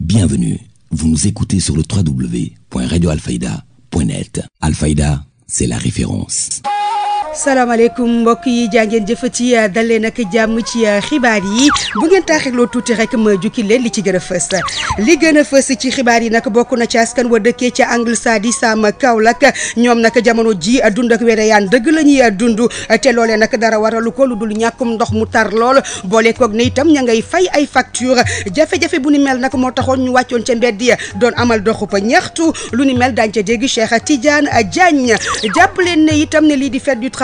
Bienvenue, vous nous écoutez sur le www.radioalfayda.net. Alfayda, c'est la référence. salaamaaleykum mbokk yi jàngeen jëfati dal leen ak jàmm ci uh, xibaar yi bu ngeen taaxirloo tuuti rek ma jukki leen li ci gën a fës li gën a fës ci xibaar yi nag bokk na ci askan wa dëkkee ca Angle Sadi Sam Kaolack ñoom nag jamono ji dund ak yaan dëgg la ñuy dund te loolee nag dara waralu ko lu dul ñàkkum ndox mu tar lool boole kook ne itam ña ngay fay ay facture jafe-jafe bu ni mel nag moo taxoon ñu wàccoon ca mbedd yi doon amal doxupa ñaxtu lu ni mel daañu ca dégg Cheikh Tidiane Diagne jàpp leen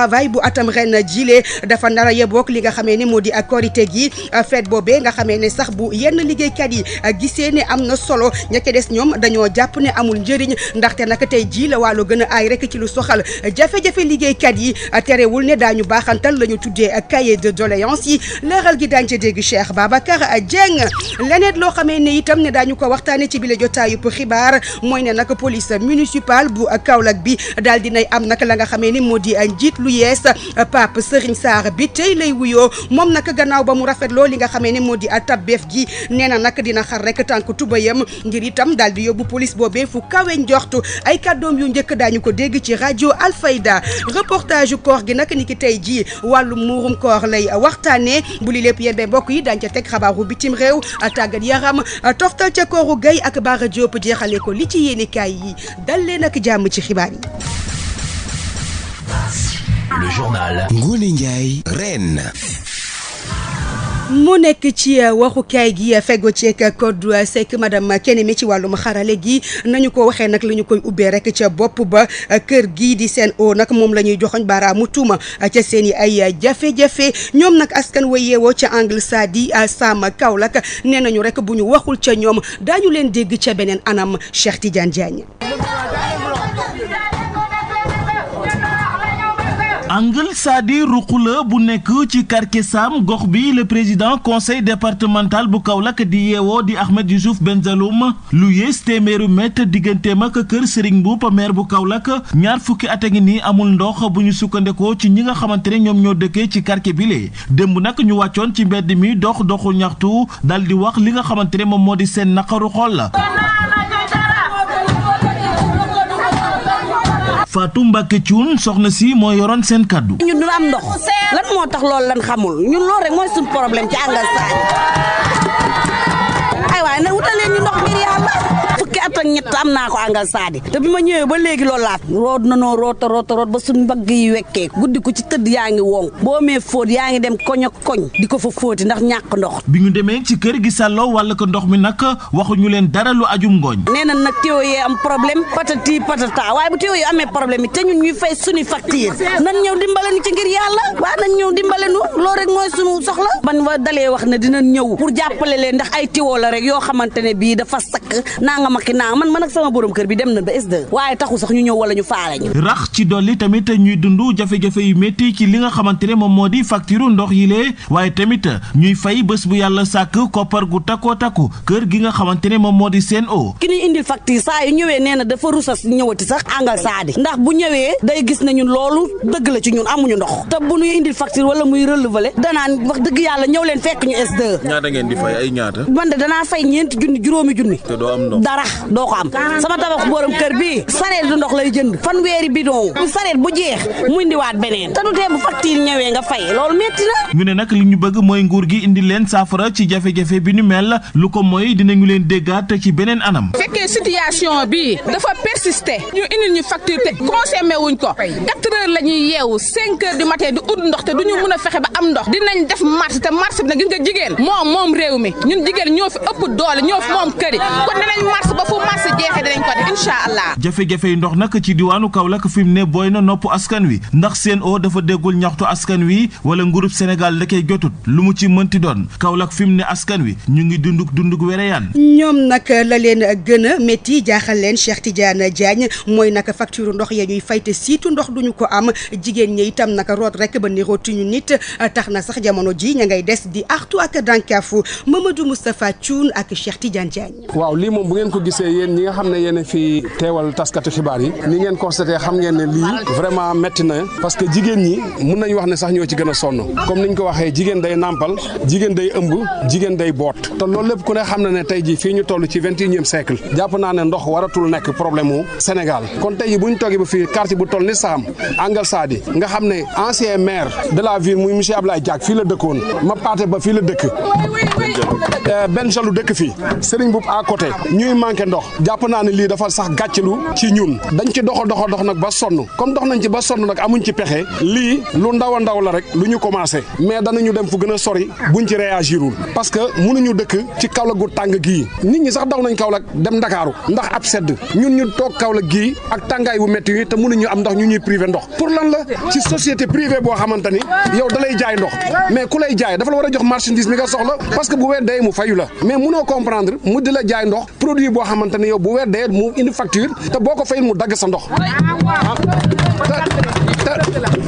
travail bu atam ren jile dafa nar a yebook li nga xamee ne moo di ak korité gi euh, fête boobee nga xamee ne sax bu yenn liggéeykat yi euh, gisee ni am na solo ña ca des ñoom dañoo jàpp ne amul njëriñ ndaxte nag tey jii la wàllu gën a aay rekk ci lu soxal jafe-jafe liggéeykat yi euh, terewul ne daañu baaxantal la ñu tuddee cahier de doléance yi leeral gi daañu ca dégg Cheikh Babacar Dieng leneen loo xamee ne itam ne daañu ko waxtaane ci bile jotaayub xibaar mooy ne nag police municipale bu Kaolack bi daal dinay am nag la nga xamee ne moo di njiit yees eh, Pape Serigne Sarr bi tey lay wuyoo moom nag gannaaw ba mu rafetloo li nga xamee ne moo di tabbeef gi nee na nag dina xar rek tànk tubayam ngir itam daal di yóbbu police boobe fu kawe njoxtu ay kàddoom yu njëkk daañu ko dégg ci rajo Alfayda reportage koor gi nag ni ki tey jii wàllu muurum koor lay waxtaanee bu li lépp yembe mbokk yi daañu ca teg xabaaru bitim réew tàggat yaram toftal ca kooru gay ak Baara Diop jeexale ko li ci yéenekaay yi dal leen ak jàmm ci xibaar le journal Ngoné mu nekk ci euh, waxukaay gi euh, fego ci ak euh, Codou Seck madame kenn ci wàllum xarale gi nañu ko waxee nag la koy ubbee rek ca bopp ba kër gi di seen o nag moom lañuy ñuy joxoñ baaraamu tuuma ca seen i ay jafe-jafe ñoom nag askan wa yeewoo ca angle saa di Sam Kaolack nee nañu rekk bu ñu waxul ca ñoom daañu leen dégg ca beneen anam Cheikh Tidiane Diagne Anguel Sady Ruqula bu nekk ci quartier Sam gox bi le président conseil départemental bu Kaolack di yeewoo di Ahmed Youssouf Benzaloum lu yées téeméeri mètre digganteem ak kër Serigne Mboup maire bu Kaolack ñaar fukki at a ngi nii amul ndox bu ñu sukkandekoo ci ñi nga xamante ne ñoom ñoo dëkkee ci quartier bi dëmb démb ñu wàccoon ci mbedd mi dox doxu ñaxtu dal di wax li nga xamante ne moom moo di seen naqaru xol la Fatou Mbacke Thioune soxna si moo yoroon seen kàddu. ñun du ndox lan moo tax loolu lan xamul ñun loolu rek mooy suñu problème ci àngal saa ay waaye na wutaleen ñu ndox ngir yàlla. at ak ñett am naa ko angal saadi te bi ma ñëwee ba léegi loolu laa root nanoo roota roota root ba suñ mbagg yi wekkee guddi ko ci tëdd yaa ngi wonk boo mee fóot yaa ngi dem koñ ak koñ di ko fa fóoti ndax ñàkk ndox bi ñu demee ci kër gi sàlloo wàll ko ndox mi nag waxuñu leen dara lu ajum ngooñ nee na nag teew yee am problème patati patata waaye bu teew yi amee problème yi te ñun ñuy fay suñu facture nan ñëw dimbale nu ci ngir yàlla waa nan ñëw dimbale nu loolu rek mooy suñu soxla ban wa dalee wax ne dinañ ñëw jàppale leen ndax ay tiwoo la rek yoo xamante ne bii dafa sakk ginnaaw man man ak sama borom kër bi dem na ba S2 waaye taxu sax ñu ñëw wala ñu faale ñu rax ci dolli tamit ñuy dund jafe-jafe yu métti ci li nga xamante ne moom moo di facture ndox yi lee waaye tamit ñuy fay bés bu yàlla sàkk koppar gu takkoo takku kër gi nga xamante ne moom moo di seen o ki ñuy indil facture saa yu ñëwee nee na dafa rusas ñëwati sax àngal saadi ndax bu ñëwee day gis na ñun loolu dëgg la ci ñun amuñu ndox te bu ñuy indil facture wala muy relever danaan wax dëgg yàlla ñëw leen fekk ñu s ngeen di fay ay ñaata man danaa fay ñeenti junni juróomi junni doo ko am sama tabax borom kër bii sareet du ndox lay jënd fanweeri bidon sareet bu jeex mu indiwaat beneen te du tee bu facture ñëwee nga fay loolu metti na ñu ne nag li ñu bëgg mooy nguur gi indi leen saafara ci jafe-jafe bi ñu mel lu ko mooy dinañu leen déggaat ci beneen anam fekkee situation bi dafa persister ñu indil ñu facture te consommé wuñ ko quatre heures la ñuy yeewu cinq heures du matin di ut ndox te du ñu mën a fexe ba am ndox dinañ def marché te marché bi nag gis nga moom réew mi ñun jigéen ñoo fi doole ñoo fi ba fu marché jeexee dinañ jafe-jafe ndox nag ci diwaanu Kaolack fi mu ne booy na nopp askan wi ndax seen o dafa déggul ñaxtu askan wi wala nguurub Sénégal da koy jotut lu mu ci mënti doon Kaolack fi mu ne askan wi ñu ngi dunduk dunduk wereyaan. ñoom nag la leen gën a métti jaaxal leen Cheikh Tidiane Diagne mooy naka facture ndox ya ñuy fayte siitu ndox duñu ko am jigéen ñi itam nag root rek ba ni rootuñu nit tax na sax jamono ji ña ngay des di artu ak dànkaafu Mamadou Moustapha Thioune ak Cheikh Tidiane gisee yéen nga xam ne yéen a fi teewal taskatu xibaar yi ni ngeen constaté xam ngeen ne lii vraiment métti na parce que jigéen ñi mun nañ wax ne sax ñoo ci gën a sonn comme niñ ko waxee jigéen day nàmpal jigéen day ëmb jigéen day boot te loolu lépp ku ne xam na ne tey ji fii ñu toll ci vingt et unième siècle jàpp naa ne ndox waratul nekk problème mu Sénégal kon tey ji bu ñu toogee ba fii quartier bu toll ni Saam Angal Saadi nga xam ne ancien maire de la ville muy monsieur Ablaye Diack fii la dëkkoon ma paate ba fii la dëkk euh, benn jalu dëkk fii Serigne Boub manqué ndox jàpp naa ne lii dafa sax gàccilu ci ñun dañ ci doxa doxa dox nag ba sonn comme dox nañ ci ba sonn nag amuñ ci pexe lii lu ndaw a ndaw la rek lu ñu commencé mais ñu dem fu gën a sori buñ ci réagirul parce que mënuñu dëkk ci Kaolack gu tàng gii nit ñi sax daw nañ Kaolack dem Ndakaaru ndax ab sedd ñun ñu toog Kaolack gii ak tàngaay bu métti yi te mënuñu am ndax ñu ñuy privé ndox pour lan la ci société privée boo xamante ni yow da lay jaay ndox mais ku lay jaay dafa a jox marchandise mi nga soxla parce que bu weer la mais mënoo comprendre mu di jaay ndox produit boo xamante ne yow bu weer dee mu indi facture te boo ko fayul mu dagg sa ndox. Ah,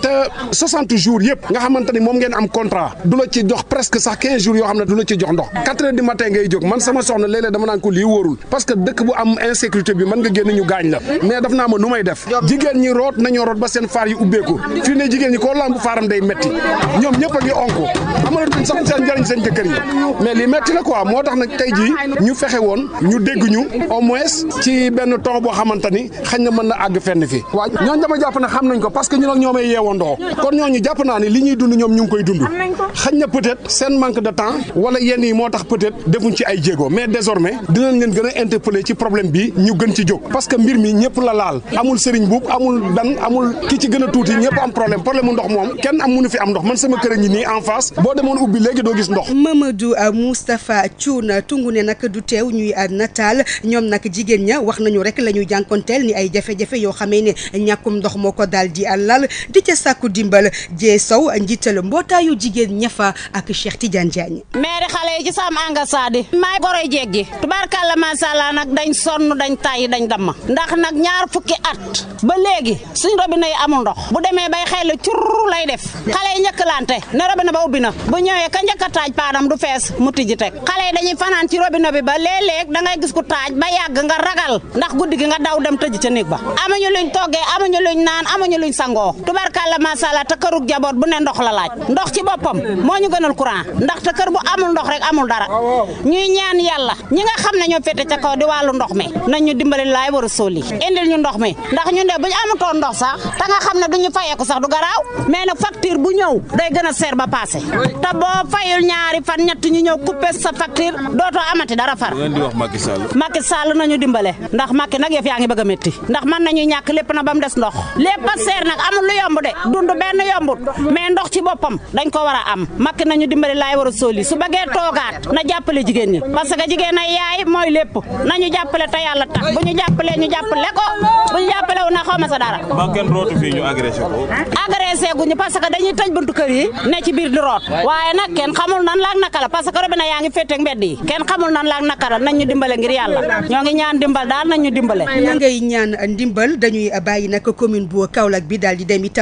te 60 jours yëpp nga xamante moom ngeen am contrat du la ci jox presque sax 15 jours yoo xam ne du la ci jox ndox 4 heures du matin ngay jóg man sama soxna léeg dama naan ko lii wóorul parce que dëkk bu am insécurité bi mën nga génn ñu gaañ la mais daf naa ma nu may def jigéen ñi root nañoo root ba seen faar yi ubbeeku fii ne jigéen ñi koo lamb faaram day metti ñoom ñëpp a ngi onko amanatuñ sax seen njëriñ seen jëkkër yi mais yeewandoo kon ñooñu jàpp naa ne li ñuy dund ñoom ñu ngi koy dund xañ na peut seen manque de temps wala yenn yi moo tax peut defuñ ci ay jéego mais désormais dinañ leen gën a interpeller ci problème bi ñu gën ci jóg parce que mbir mi ñëpp la laal amul sëriñ buub amul dan amul ki ci gën a tuuti ñëpp am problème problème mu ndox moom kenn am munu fi am ndox man sama kër a ngi nii en face boo demoon ubbi léegi doo gis ndox Mamadou euh, Moustapha Thioune tungu ca sàkku dimbal jee sow njiital mbootaayu jigéen ñafa ak Cheikh Tidiane Diagne. maire xale yi ci sam angasadi maay goroy jeeg ji tubaarkàlla macha allah nag dañ sonn dañ tàyyi dañ damm ndax nag ñaar fukki at ba léegi suñ robinet yi amul ndox bu demee bay xel curr lay def xale yi njëkkalante ne robinet ba ubbi na bu ñëwee ka njëkk a taaj paanam du fees mu tijji teg xale yi dañuy fanaan ci robinet bi ba léeg-léeg da ngay gis ku taaj ba yàgg nga ragal ndax guddi gi nga daw dem tëj ca néeg ba amuñu luñ toggee amuñu luñ naan amuñu luñ sangoo tubaarkàlla macha allah te kërug jaboot bu ne ndox la laaj ndox ci boppam moo ñu gënal courant ndax te kër bu amul ndox rek amul dara ah, ñuy ñaan yàlla ñi nga xam ne ñoo ca kaw di wàllu ndox mi nañ ñu dimbali laay war a sóoli indil ñu ndox mi ndax ñu ne bu ñu amutoon ndox sax te nga xam ne duñu fayeeku sax du garaaw mais na facture bu ñëw day gën a seer ba passé te boo fayul ñaari fan ñetti ñu ñëw coupé sa facture dootoo amati dara far Macky Sall nañu dimbale ndax Macky nag yëf yaa ngi bëgg a métti ndax mën nañu ñàkk lépp na ba mu des ndox yomb de dund benn yombut mais ndox ci boppam dañ ko war a am makki nañu dimbali laay war a sóoli su bëggee toogaat na jàppale jigéen ñi parce jigéen ay yaay mooy lépp nañu jàppale te yàlla tax bu ñu jàppalee ñu jàppale ko bu ñu jàppale wu na xaw ma sa ñu agressé dañuy tëj buntu kër yi ne ci biir di root waaye nag xamul nan laak naka la parce que yaa ngi féete ak mbedd yi kenn xamul nan laak naka la dimbale ngir yàlla ñoo ngi ñaan dimbal daal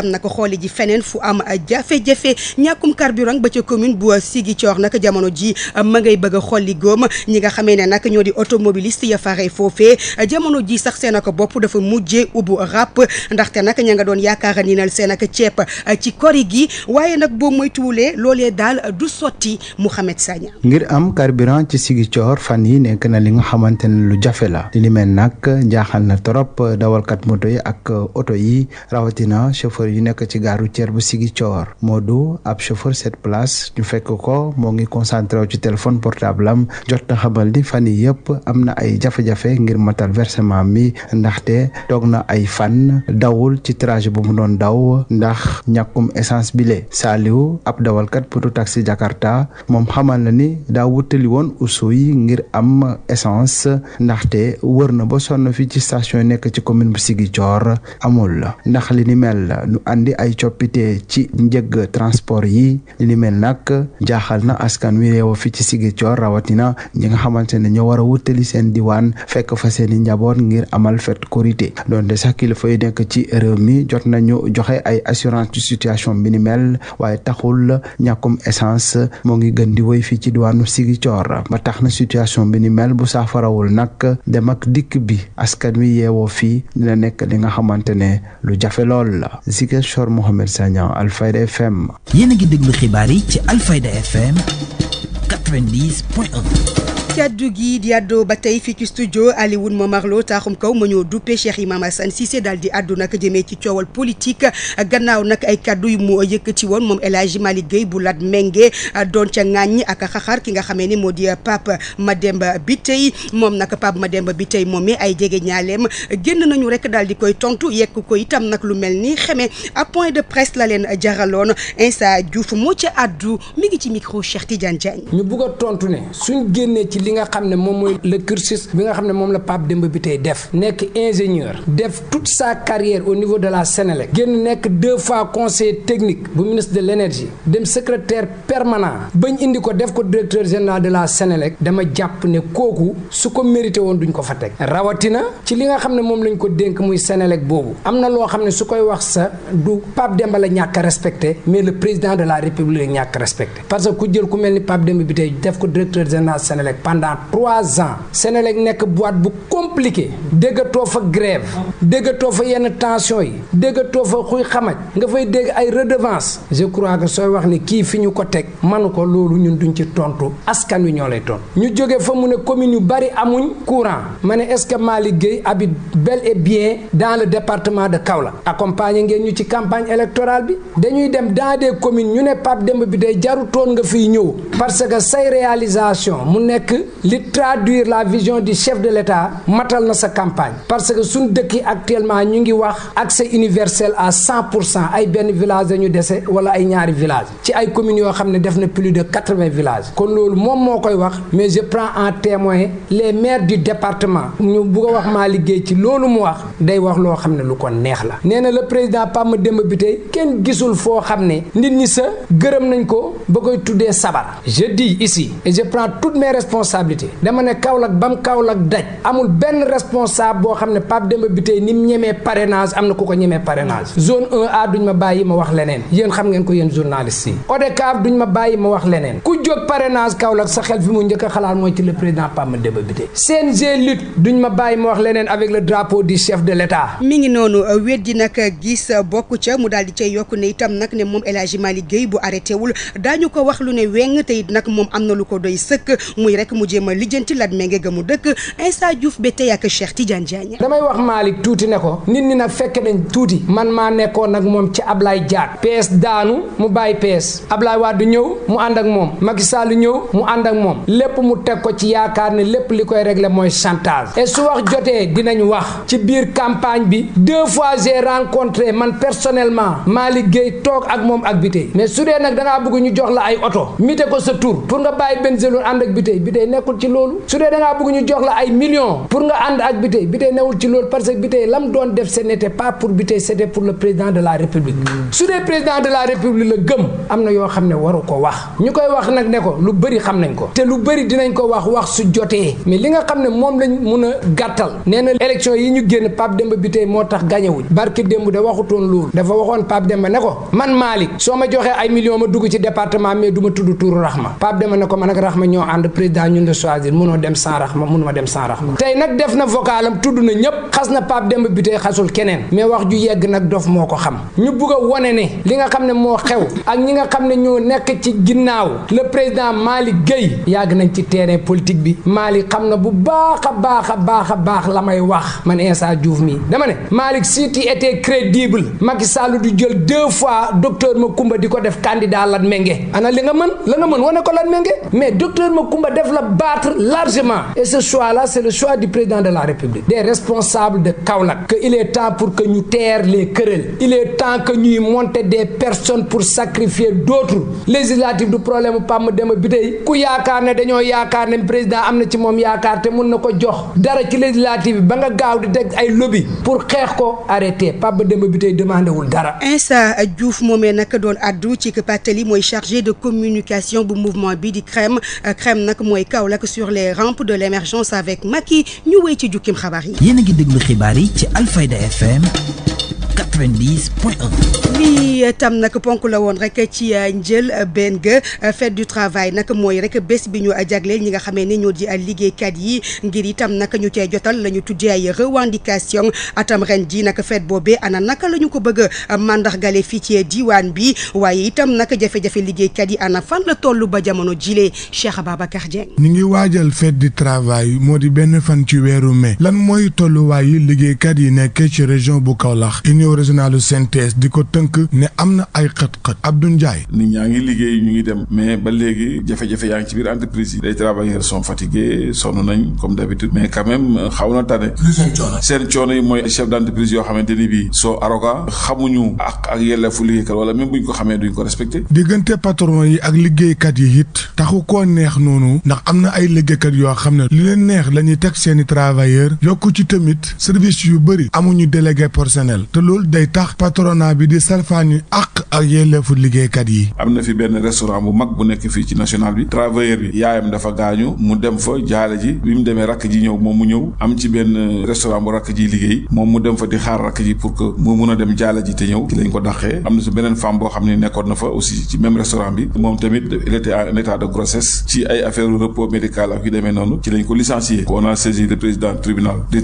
itam nag xooli ji feneen fu am jafe-jafe ñàkkum carburant ba ca commune bu Ziguinchor nag jamono ji ma ngay bëgg a xolli góom ñi nga xamee ne nag ñoo di automobiliste ya fare foofee jamono ji sax seen ak bopp dafa mujjee ubbu ràpp ndaxte nag ña nga doon yaakaar ni nal seen ak ceeb ci kori gi waaye nag boo moytuwulee loolee daal du sotti Mouhamed Sagna. ngir am carburant ci Ziguinchor fan yi nekk na li nga xamante ne lu jafe la li ni nag jaaxal na trop dawalkat moto yi ak oto yi rawatina chauffeur yu nekk ci gare routière bu moo Modou ab chauffeur sept places ñu fekk ko moo ngi concentré ci téléphone portable jot na xamal ni fan yi yëpp am na ay jafe-jafe ngir matal versement mi ndaxte toog na ay fan dawul ci trajet bu mu doon daw ndax ñàkkum essence bi lee Saliou ab dawalkat poto taxi Jakarta moom xamal na ni daa wutali woon usuy ngir am essence ndaxte wër na ba sonn fii ci station nekk ci commune bu Ziguinchor amul ndax li ni mel lu andi ay coppite ci njëg transport yi li mel nag jaaxal na askan wi réew fi ci Ziguinchor rawatina ñi nga xamante ne ñoo war a wutali seen diwaan fekk fa seen i njaboot ngir amal fet korité donte sax kilifa yi nekk ci réew mi jot nañu joxe ay assurance situation bi ni mel waaye taxul ñàkkum essence moo ngi gën di woy fii ci diwaanu Ziguinchor ba tax na situation bi bu saafarawul nag dem dikk bi askan wi yeewoo fii dina nekk li nga xamante ne lu jafe lool Ziguinchor Mohamed Sagnan Alfayda FM. yéen a ngi déglu xibaar yi ci Alfayda FM 90 point 1. kaddu gi di àddoo ba tey fii ci studio Alioune Momar Lo taaxum kaw ma ñoo duppee Cheikh Imam Assane Cissé daal di àddu nag jëmee ci coowal politique gannaaw nag ay kaddu yu mu yëkkati woon moom El Hadji Malick Guèye bu lat méngé ah, doon ca ŋàññ ak xaxar ki nga xamee ni moo di ah, Pape bi tey moom nag ma demba bi tey moom moomee ay jege ñaaleem génn nañu rek daal di koy tontu yekk ko itam nag lu mel ni xeme à point de presse la leen jaraloon Insa Diouf moo ca àddu mi ngi ci micro Cheikh Tidiane ñu bugg a tontu ne li nga xam ne moom mooy le cursus bi nga xam ne moom la Pape Demba bi tey def nekk ingénieur def toute sa carrière au niveau de la Sénélec génn nekk deux fois conseiller technique bu ministre de l'énergie dem secrétaire permanent bañ indi ko def ko directeur général de la Sénélec dama jàpp ne kooku su ko mérité woon duñ ko fa teg rawatina ci li nga xam ne moom lañ ko dénk muy Sénélec boobu am na loo xam ne su koy wax sa du Pape Demba la ñàkk a le président de la République la ñàkk a parce que ku jël ku mel ni Pape Demba bi ko directeur général Sénélec pendant trois ans Senelec nekk boîte bu compliqué déggatoo fa grève déggatoo fa yenn tension yi déggatoo fa xuy xamaj nga fay dégg ay redevance je crois que sooy wax ni kii fi ñu ko teg manu ko loolu ñun duñ ci tontu askan wi ñoo lay tontu ñu jóge fa mu ne commune yu bari amuñ courant ma ne est-ce que Malick Gueye habite bel et bien dans le département de Kaolack accompagné ngeen ñu ci campagne électorale bi dañuy dem dans des communes ñu ne Pape demb bi day jarutoon nga fiy ñëw parce que say réalisation mu li traduire la vision du chef de l'État matal na sa campagne parce que suñ dëkk actuellement ñu ngi wax accès universel à 100 pour cent ay benn village ñu dese wala ay ñaari village ci ay communes yoo xam ne def na plus de 80 villages kon loolu moom moo koy wax mais je prends en témoin les maires du département ñu bugg wax maa liggéey ci loolu mu wax day wax loo xam ne lu ko neex la nee na le président Pam Demba Bitèye kenn gisul foo xam ne nit ñi sa gërëm nañ ko ba koy tuddee sabar je responsabilité dama ne Kaolack ba mu Kaolack daj amul benn responsable boo xam ne Pape Demba Bitèye ni mu ñemee parrainage am na ku ko ñemee parrainage zone 1A duñ ma bàyyi ma wax leneen yéen xam ngeen ko yéen journaliste yi ODCAV duñ ma bàyyi ma wax leneen ku jóg parrainage Kaolack sa xel fi mu njëkk a xalaat mooy ci le président Pape Demba Bitèye CNG lutte duñ ma bàyyi ma wax leneen avec le drapeau du chef de l'État mi ngi noonu euh, wéet ji nag euh, gis euh, bokk ca mu daal di cay yokk ne itam nag ne moom El Hadji Malick bu arrêté wul daañu ko wax lu ne weng te nag moom am na lu ko doy sëkk muy mu jéem a lijjanti lat ménge ga mu dëkk Insa Diouf ba tey ak Cheikh Tidiane Diagne damay wax Malick tuuti ne ko nit ñi nag fekk nañ tuuti man maa nekkoon nag moom ci ab Ablaye Diack PS daanu mu bàyyi ab PS waa du ñëw mu ànd ak moom Macky Sall ñëw mu ànd ak moom lépp mu teg ko ci yaakaar ne lépp li koy regle mooy chantage et su wax jotee dinañu wax ci biir campagne bi deux fois j'ai man personnellement Malick liggéey toog ak moom ak bitey mais su dee nag dangaa bëgg ñu jox la ay oto nekkul ci loolu su dee da ngaa bëgg ñu jox la ay millions pour nga ànd ak Biteye Biteye newul ci loolu parce que Biteye lam doon def ce pas pour Biteye c'était pour président de la république mm. su dee président de la république la gëm am na yoo xam ne waru ko wax ñu koy wax nag ne ko lu bari xam nañ ko te lu bëri dinañ ko wax wax su jotee mais li nga xam ne moom lañ mun a gàttal nee na élection yi ñu génn Pape Demba Biteye moo tax gañewuñ barki démb da waxutoon loolu dafa waxoon Pape Demba ne ko man Malick soo ma joxee ay millions ma dugg ci département mais tudd tuuru Rahma Pape Demba ne ko man ak min de choisir munoo dem sans raxma munuma dem sans raxma moo ko li nga xam ne moo xew ak ñi nga xam ne ñoo nekk ginnaaw le président Malick Gueye yàgg nañ ci terrain politique bi Malick xam na bu baax a baax a baax a baax la may wax man Insa Diouf mii dama ne Malick si tu étais crédible Macky Sall du jël deux fois docteur Macoumba di ko def candidat Lat Mbengue ana li nga mën la nga mën wane ko Lat Mbengue mais docteur Macoumba def la battre largement. Et ce choix-là, c'est le choix du président de la République, des responsables de Kaolack. Que il est temps pour que ñu taire les querelles. Il est temps que ñuy monter des personnes pour sacrifier d'autres. législative du problème mu PAM Demba Bitèye ku yaakaar ne dañoo yaakaar ne président am na ci moom yaakaar te mun na ko jox dara ci législative bi ba nga gaaw di teg ay lobby pour xeex ko arrêté PAM Demba Bitèye demandé wul dara. Insa Diouf moomee nag doon addu ci Patelli mooy chargé de communication bu mouvement bi di CREM CREM Kaolack sur les rampes de l'émergence avec Macky ñu wéy ci jukkim xabaar yi. yéen a ngi déglu xibaar yi ci Alfayda FM. 90 lii eh, tam nag ponk la woon rek ci eh, jël eh, benn ge fête du travail nag mooy rek bés bi ñu jagleel ñi nga xamee ne ñoo ji ak liggéeykat yi ngir itam naka ñu cee jotal la ñu tuddee ay revendication atam ren ji nag fête boobee ana naka la ñu ko bëgg a mandargale fii ci diwaan bi waaye itam nag jafe-jafe liggéeykat yi ana fan la toll ba jamono jilee Cheikh Ababacar Dieng. ñu ngi waajal fête du travail moo di benn fan ci weeru mai lan mooy tolluwaayu liggéeykat yi bu Kaolack nationalu synthèse di ko tënk ne am na ay xët-xët Abdou Ndiaye. nit ñaa ngi liggéey ñu ngi dem mais ba léegi jafe-jafe yaa ngi ci biir entreprise yi les travailleurs sont fatigués sonn nañ comme d'habitude mais quand xaw na tane seen coono yi mooy chef d'entreprise yoo xamante ni bii soo aroga xamuñu ak ak yelleefu liggéeykat wala même buñ ko xamee duñ ko respecté diggante patron yi ak liggéeykat yi it taxu ko neex noonu ndax am na ay liggéeykat yoo xam ne li leen neex la ñuy teg seeni travailleurs yokku ci tamit service yu bëri amuñu délégué day tax patronat bi di salfaan yu àq ak yelleefu liggéeykat yi. am na fi benn restaurant bu mag bu nekk fii ci national bi travailleur bi yaayam dafa gaañu mu dem fa jaale ji bi mu demee rakk ji ñëw moom mu ñëw am ci benn restaurant bu rakk ji liggéey moom mu dem fa di xaar rakk ji pour que mu mun a dem jaale ji te ñëw ci lañ ko dàqee am na si beneen femme boo xam ne nekkoon na fa aussi ci même restaurant bi moom tamit il était en état de grossesse ci a saisi le président tribunal du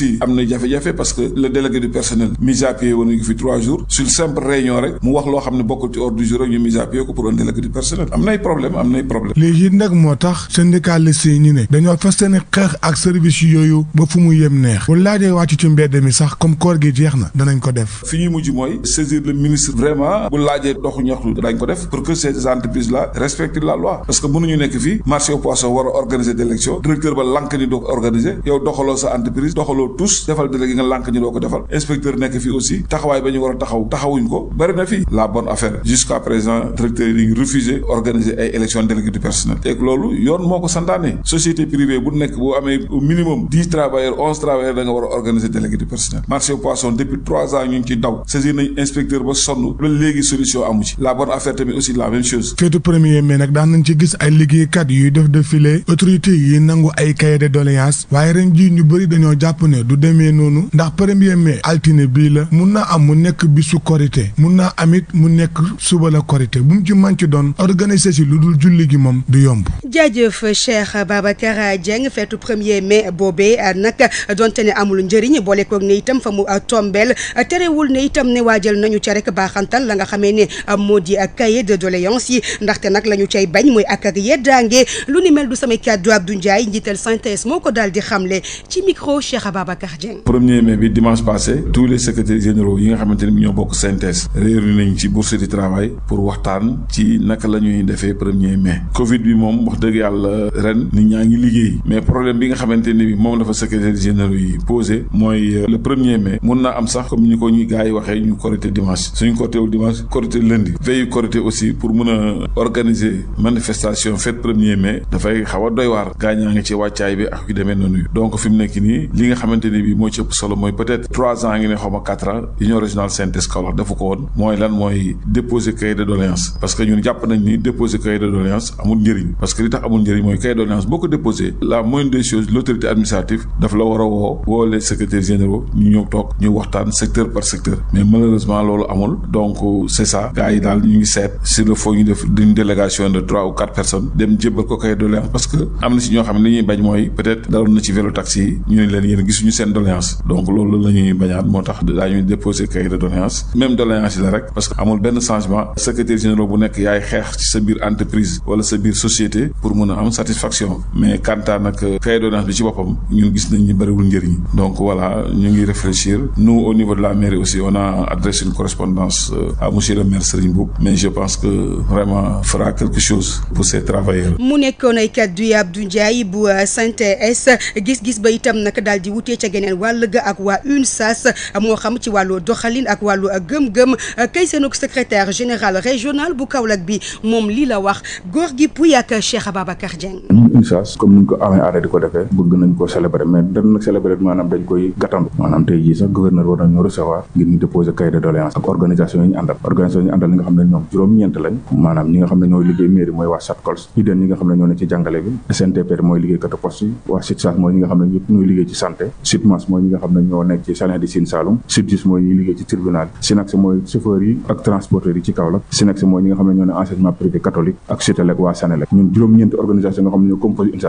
aussi am na jafe-jafe parce que le délégué du personnel mise à pied woon nañu fi trois jours sur simple réunion rek mu wax loo xam ne bokkul ci rek ñu mise à pied ko pour un délégué du personnel am nay problème am nay problème léegi nag moo tax syndicaliste yi ñu ne dañoo fas yéene xeex ak service yooyu ba fu mu yem neex bu laajee wàccu ci mbedd mi sax comme koor gi jeex na danañ ko def fi ñuy mujj mooy saisir le ministre vraiment bu laajee ko tous defal délégué nga lànk ñu doo ko defal inspecteur nekk fi aussi taxawaay ba ñu war taxaw taxawuñ ko bëri na fi la bonne affaire jusqu'à présent directeur yi ngi refusé organiser ay élection délégué du personnel te loolu yoon moo ko santaane société privée bu nekk boo amee minimum dix travailleurs onze travailleurs da nga organiser délégué du personnel marché poisson depuis trois ans ñu ngi ci daw saisir nañ inspecteur ba sonn ba léegi solution mai euh, du demee noonu ndax premier mai altine bii la mun na am mu nekk bisu korité mun naa amit mu nekk suba la korité bu mu ci mën doon organiser lu dul julli gi moom du yomb. jaajëf Cheikh Babacar Dieng feetu premier mai boobee nag donte ne amul njëriñ boole koog ne itam fa mu tombeel terewul ne itam ne waajal nañu ca rek baaxantal la nga xamee ne moo di cahier de doléance yi ndaxte nag la ñu cay bañ mooy ak ak yeddaange lu ni mel du samay kàddu Babacar Dieng. premier mai bi dimanche passé tous les secrétaires généraux yi nga xamante ne ñoo bokk CNTS réuni nañ ci bourse du travail pour waxtaan ci naka la defee premier mai. Covid bi moom wax dëgg yàlla ren nit ñaa ngi liggéey mais problème bi nga xamante ni bi moom dafa secrétaire généraux yi posé mooy euh, le premier mais mun naa am sax comme ni ko ñu gars yi waxee ñu Korité dimanche suñu Korité wu dimanche Korité lundi veille Korité aussi pour mun a organiser manifestation fête premier mai dafay xaw a doy waar gaañaa ngi ci wàccaay bi ak yu noonu xamante ni bii moo solo mooy peut-être trois ans ngi ne xaw ma quatre ans union régionale synthèse Kaolack dafa ko woon mooy lan mooy déposer cahier de doléance parce que ñun jàpp nañ ni déposer cahier de doléance amul njëriñ parce que li tax amul njëriñ mooy cahier de boo ko déposé la moindre des choses l'autorité administrative daf la war a woo woo les généraux ñu ñëw toog ñu waxtaan secteur par secteur mais malheureusement loolu que ñu seen doléance donc loolu la ñuy bañaat moo tax daañuy déposé cahier de doléance même yi la rek parce que amul benn changement secrétaire général bu nekk yaay xeex ci sa biir entreprise wala sa biir société pour mën a am satisfaction mais kanta nag euh, cahier de bi ci boppam ñun gis nañ ñu njëriñ donc voilà ñu ngi réfléchir nous au niveau de la mairie aussi on a adressé une correspondance euh, à monsieur le maire Serigne Boub mais je pense que vraiment fera quelque ca geneen wàll ga ak waa UNSAS moo xam ci wàllu doxalin ak wàllu gëm-gëm kay seenug secrétaire général régional bu Kaolack bi moom lii la wax Gorgui Pouye ak Cheikh Ababacar Dieng. ñun UNSAS comme ni ñu ko amee arrêté ko defee bëgg nañ ko célébrer mais dañ nag célébrer maanaam dañ koy gàttandu maanaam tey jii sax gouverneur war nañoo recevoir ngir ñu déposer cahier de doléance ak organisation yi nga xam ne ñoom juróom-ñeent lañ maanaam ñi nga xam ne ñooy liggéey mairie mooy waa ne ñoo ne ci SYTMAS mooy ñi nga xam ne ñoo nekk ci Salin di Sine Saloum SYTJUS mooy ñuy liggéey ci tribunal SYNACS mooy chauffeurs yi ak transporteurs yi ci Kaolack SYNECS mooy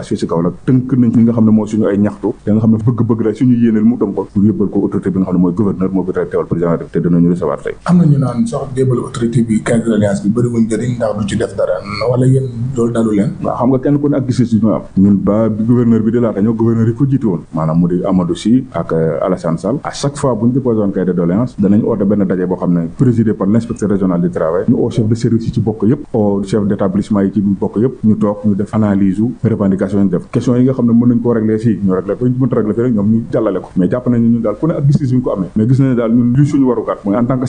si Kaolack ay ñaxtu da nga xam ne bëgg-bëgg la suñu yéeneel mu dem ko pour yóbbal ko autorité bi nga xam ne mooy gouverneur moo fi teewal président de la République te danañu recevoir tey am nañu naan sax déebal autorité bi cadre de l'alliance bi bëriwul njëriñ ndax du ci def dara wala yéen loolu dalu Amadou ak euh, Alassane Sall chaque fois bu ñu déposé woon cahier de doléance danañ oote benn daje boo xam ne présidé par l' régional du travail ñu au chef de service yi ci bokk yëpp au chef d' yi ci bokk yëpp ñu toog ñu def analyse u yi nga xam ne mën nañ koo régler fii ñu régler ko ñu mënta régler fii ñu jàllale ko mais jàpp nañ ñu daal ku ne ak gis-gis bi ko amee mais gis nañ daal ñun lii suñu warukat mooy en tant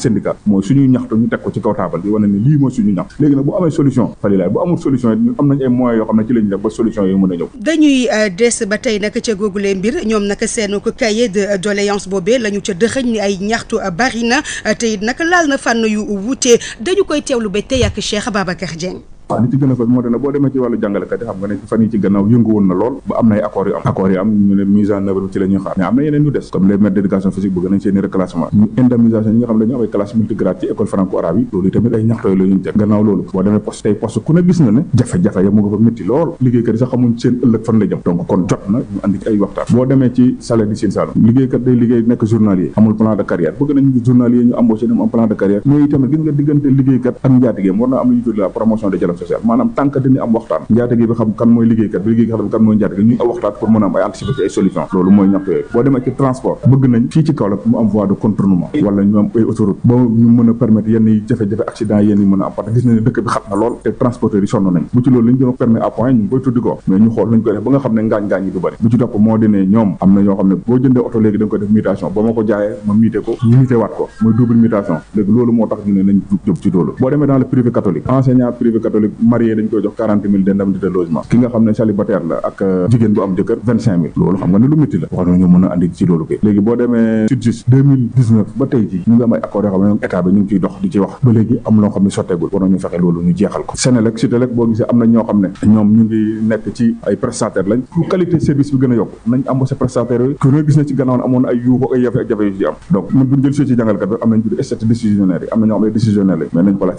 seenu cahier de doléance boobee lañu ñu ca dëxëñ ni ay ñaxtu bari na te it nag laal na fànn yu wuute dañu koy teewlu ba tey ak Cheikh Babacar Dieng waaw li ci gën moo di ne boo demee ci wàllu jàngalekat yi xam nga ne fan yi ci gannaaw yëngu woon na lool ba am na ay accords yu am accords yu am na ñu jot na ñu andi boo demee ci salaire di Sine Saloum liggéeykat day liggéey nekk journalier amul plan de carrière bëgg nañu journalier ñu embauché ñu am plan de carrière mais tamit gis nga diggante liggéeykat ak njaatigéem war na am lu ñu tudd la promotion de dialogue sociale maanaam tant que koy def mutation ba ma ko jaayee ma muté ko ñu waat ko mooy double mutation léegi loolu moo tax ñu ne jub ci loolu boo demee dans le privé catholique enseignant privé catholique marié dañ koy jox quarante mille d'indemnité de logement ki nga xam ne célibataire la ak euh, jigéen bu am jëkkër boo demee sud jus deux mille dix neuf ba tey ci wax ba léegi am loo xam ne ñoom ñu ngi nekk ci ay prestataire lañ pour qualité service bi gën a yokk nañ embauché prestataire yooyu ku gis na ci gannaaw amoon ay yuuxu ay jafe ci am donc ñun buñ jël soo ci jàngalkat bi am nañ jur statut yi am na ñoo xam ne décisionnaire lañ mais nañ ko laaj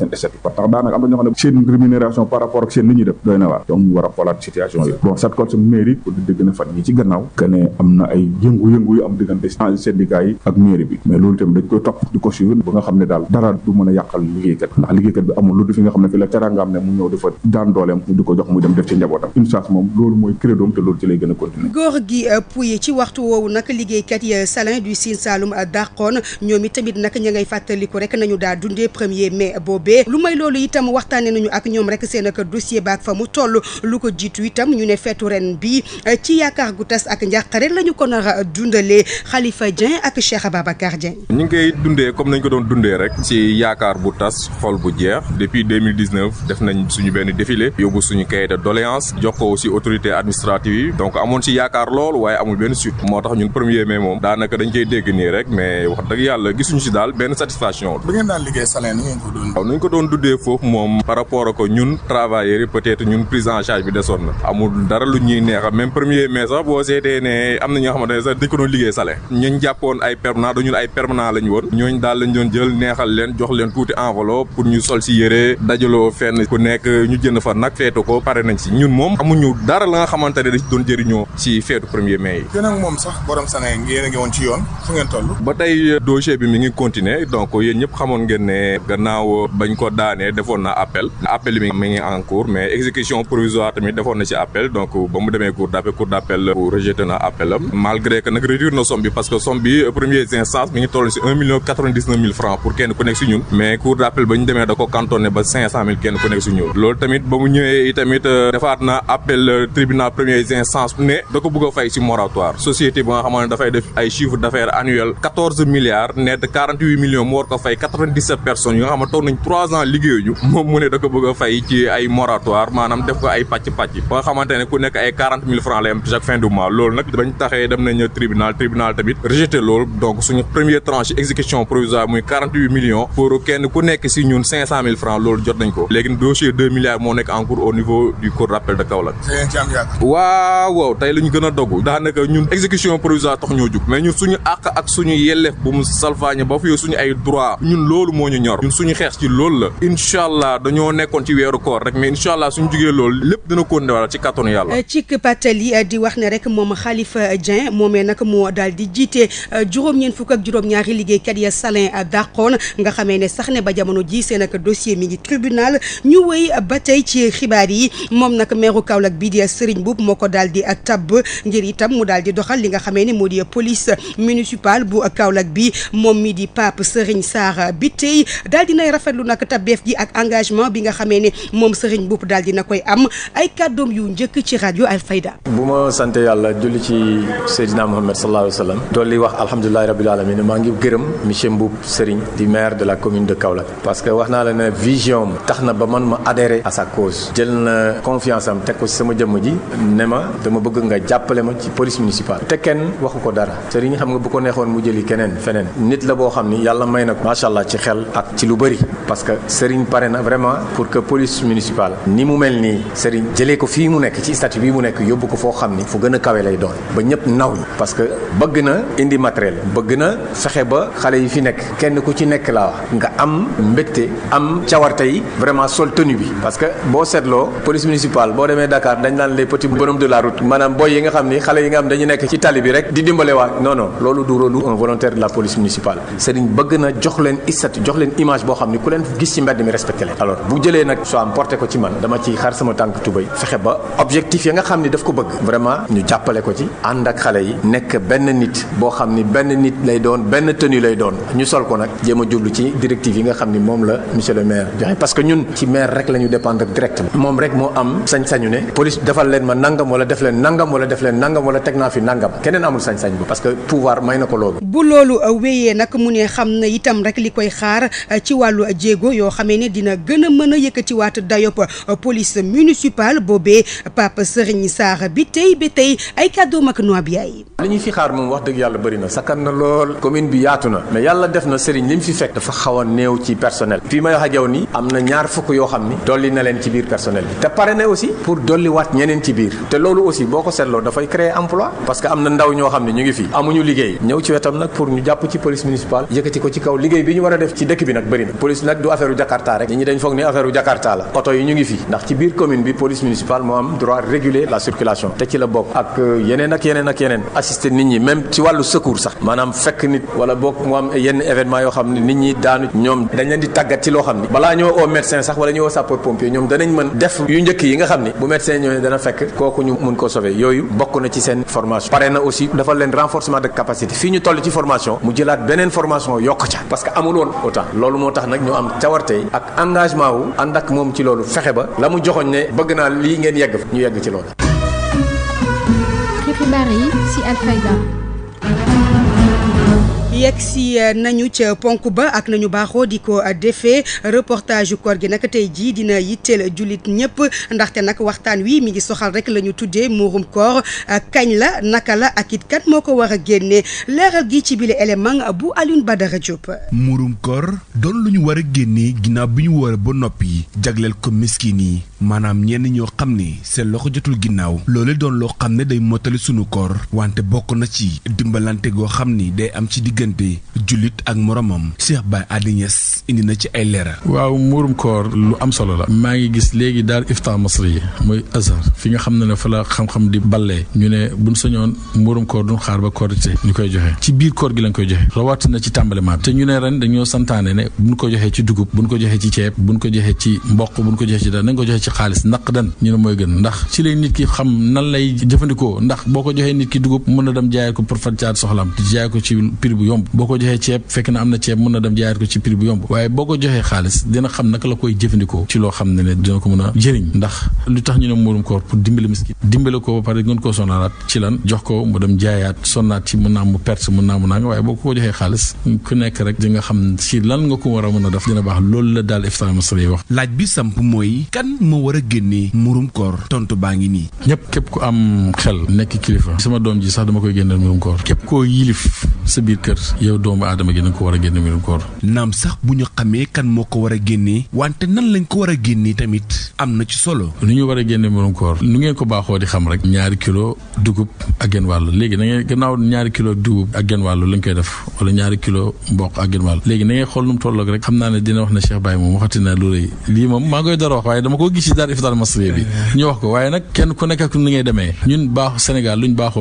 génération par rapport ak seen li ñuy def doy na waar donc ñu war a xoolaat situation yi bon SATCOS su mairie pour di dégg na fan yi ci gannaaw que am na ay yëngu-yëngu yu am diggante syndicat yi ak mairie bi mais loolu tamit dañ koy a ngay fàttaliku rek nañu daa dundee premier mai boobee lu may loolu itam waxtaane nañu ak ñoom ñoom rek seen ak dossier baak fa mu toll lu ko jiitu itam ñu ne feetu ren bi eh, ci yaakaar gu tas ak njàqare la ñu ko nar a dundalee Khalifa Dieng ak Cheikh Ababacar Dieng. ñu ngi dundee comme nañ ko doon dundee rek ci yaakaar bu tas xol bu jeex depuis 2019 def nañ suñu benn défilé yóbbu suñu cahier de doléance jox ko aussi autorité administrative yi donc amoon ci yaakaar lool waaye amul benn suite moo tax ñun premier mai moom daanaka dañ koy dégg nii rek mais wax dëgg yàlla gisuñu daal benn satisfaction. bu ngeen daan liggéey salaire ko doon. waaw nañ ko doon dundee ñun travailleurs yi peut-être ñun prise en charge bi desoon na amul dara lu ñuy neexa même premier mai sax boo seetee ne am na ñoo xamante sax dañ ko doon liggéey sale ñuñ jàppoon ay permanent dañun ay permanent lañ woon ñooñ daal lañ jël neexal leen jox leen tuuti enveloppe pour ñu sol si yére dajaloo fenn ku nekk ñu jënd fa nag feetu ko pare nañ si ñun moom amuñu dara la nga xamante ne dañ doon jëriñoo si feetu premier mai yi gën ak moom sax borom sana yéen a ngi woon ci yoon fu ngeen toll ba tey euh, dossier bi mi ngi ko daanee mi mais exécution provisoire tamit defoon ci appel donc ba mu demee cour d' appel cour bu rejeté na appel am que nag na somme bi parce que somme bi première instance mi ngi toll si un million quatre vingt dix neuf mille francs pour kenn ku nekk si ñun mais cour d' ba ñu demee da ko cantonné ba cinq cent mille kenn ku nekk si ñun loolu tamit ba mu ñëwee i tamit euh, defaat na appel euh, tribunal première instance ne da ko bëgg a yi ci ay moratoire maanaam def ko ay pàcc-pàcc ba nga xamante ne ku nekk ay quarante mille francs lay am fin du mois loolu nag dañ taxee dem nañu tribunal tribunal tamit rejeté loolu donc suñu première tranche exécution provisoire muy quarante huit millions pour kenn ku nekk si ñun francs loolu jot nañ ko léegi dossier milliards moo nekk en cours au niveau du cour d'appel de Kaolack waaw tey la ñu gën a ñun exécution provisoire weeru koor rek mais incha allah suñu jugee loolu lépp dina ko ndewal ci kàttanu yàlla. ci pàttali eh, di wax ne rek moom Khalifa Dieng moomee nag moo daal jiite eh, juróom ñaari liggéeykat ya Salin dàqoon nga xamee ne sax ne ba jamono ji seen ak dossier mi ngi tribunal ñu wëy ba tey ci xibaar yi moom nag meeru Kaolack bi di Serigne Mboup moo ko daal di tabb ngir itam mu daal di doxal li nga xamee ne moo di police municipale bu Kaolack bi moom mi di Pape Serigne Sarr bi tey daal di nay rafetlu moom Serigne Mboup daal dina koy am ay kàddoom yu njëkk ci rajo Alfayda. bu ma sant yàlla julli ci Seydina Mohamed sallallahu alayhi wa sallam dolli wax alhamdulilah rabil alamin maa ngi gërëm monsieur Mboup Serigne di maire de la commune de Kaolack parce que wax naa la ne vision tax na ba man ma adhéré à sa cause jël na confiance am teg ko ci sama jëmm ji ne ma dama bëgg nga jàppale ma ci police municipale te kenn waxu ko dara Serigne xam nga bu ko neexoon mu jëli keneen feneen nit la boo xam ni yàlla may na ko macha allah ci xel ak lu bëri police municipale ni mu mel nii Serigne jëlee ko fii mu nekk ci statut bi mu nekk yóbbu ko foo xam ni fu gën a kawe lay doon ba ñëpp naw ñu parce que bëgg na indi matériel bëgg na fexe ba xale yi fi nekk kenn ku ci nekk laa nga am mbégte am cawarte yi vraiment sol tenue bi parce que boo seetloo police municipale boo demee Dakar dañ naan les petits bonhommes de la route maanaam boy yi nga xam ni xale yi nga xam dañu nekk ci tali bi rek di dimbale waa loolu du boo xam ni ku leen gis mi respecté soo am porté ko ci man dama ci xar sama tànk tubay fexe ba objectif ya nga xam ni daf ko bëgg ñu jàppale ko ci ànd ak xale yi nekk benn nit boo xam ni benn nit lay doon benn tenue lay doon ñu sol ko nag jéem a jublu ci directive yi nga xam ni moom la monsieur le maire joxe parce que ñun ci maire rek la ñu dépendre directement moom rek moo am sañ-sañu ne police defal leen ma nangam wala def leen nangam wala def leen nangam wala teg naa fi nangam keneen na ko loolu euh, na itam rek li koy xaar euh, ci wàllu euh, jéego a yëkkatiwaat dayop euh, police municipale boobee Pape Serigne Sarr bi tey ba tey ay kàddoom ak noa bi ay li ñu fi xaar moom wax dëgg yàlla bëri na na lool commune bi yaatu na mais yàlla def na Serigne li fi fekk dafa xaw a ci personnel fii may wax ak am na ñaar fukk yoo xam ni dolli na leen ci biir personnel te pare na aussi pour dolliwaat ñeneen ci biir te loolu aussi boo ko seetloo dafay créer emploi parce que am na ndaw ñoo xam ne ñu ngi fi taala oto yi ñu ngi fi ndax ci biir commune bi police municipale moo am droit réguler la circulation te ci la bokk ak euh, yeneen ak yeneen ak yeneen assister nit ñi même ci wàllu secours sax maanaam fekk nit wala bokk mu am yenn événement yoo xam ne nit ñi daanu ñoom dañ di tàggat ci loo xam ni balaa ñoo oo médecin sax wala ñoo oo sapeur pompier ñoom danañ mën def yu njëkk yi nga xam ni bu médecin ñëwee dana fekk kooku ñu mun ko sauver yooyu bokk na moom ci loolu fexe ba la mu joxoñ ne bëgg naa lii ngeen yegg ñu yegg ci loolu. xibaar yi ci Alfayda. yegg si euh, nañu ca ponk ba ak nañu baaxoo di ko euh, defee reportage koor gi nag tey jii dina yitteel jullit ñëpp ndaxte nag waxtaan wi mi ngi soxal rek la ñu tuddee muurum koor euh, kañ la naka la ak it kat moo ko war a génne leeral gi ci bile élément bu alin Alioune Badara Diop. muurum koor doon lu ñu war a génnee ginnaaw bi ñu war a ba noppi jagleel ko miskin yi maanaam ñenn ñoo xam ni seen loxo jotul ginnaaw loole doon loo xam ne day mottali sunu koor wante bokk na ci goo xam ni diggante jullit ak moromam Cheikh Baye Adi Niass indi na ci waaw muurum koor lu am solo la maa ngi gis léegi daal ifta masri yi mooy azhar fi nga xam ne ne fa la xam-xam di ballee ñu ne buñ sañoon muurum koor duñ xaar ba korite ñu koy joxe ci biir koor gi lañ koy joxe rawatina ci tàmbalemaat te ñu ne ren dañoo santaane ne buñ ko joxee ci dugub buñ ko joxee ci ceeb buñ ko joxee ci mboq buñ ko joxee ci dara nañ ko joxee ci xaalis naq dan ñu ne mooy gën ndax ci lay nit ki xam nan lay jëfandikoo ndax boo na dem jaay ko pour faj caat soxlaam jaay ko ci prix bu yomb boo ko joxee ceeb fekk na am na ceeb mën na dem jaayaat ko ci prix bu yomb waaye boo ko joxee xaalis dina xam naka la koy jëfandikoo ci loo xam ne ne dina ko mën a jëriñ ndax lu tax ñu ne muurum koor pour dimbali miskin dimbali ko ba pare ngeen ko sonalaat ci lan jox ko mu dem jaayaat sonnaat ci mën naa mu mu ko joxee xaalis di nga xam ci lan nga ko war a mën a def dina baax loolu la daal iftar masali wax laaj bi samp mooy kan moo war a génnee muurum koor tontu baa ngi nii ñëpp képp ku am xel nekk kilifa sama doom ji sax dama yow doomu aadama gi na nga ko war a génne mbirum koor. naam sax bu ñu xamee kan moo ko war a génnee wante nan lañ ko war a génnee tamit am na ci solo. lu ñu war a génne mbirum koor nu ngeen ko baaxoo di xam rek. ñaari kilo dugub ak genn wàll léegi da ngay gannaaw ñaari kilo dugub ak genn wàll lañ koy def wala ñaari kilo mboq ak genn wàll léegi na ngay xool nu rek xam naa ne dina wax ne Cheikh Baye moom waxati na lu rëy lii moom maa ngi koy dara wax waaye dama ko gis ci daal iftaar masri bi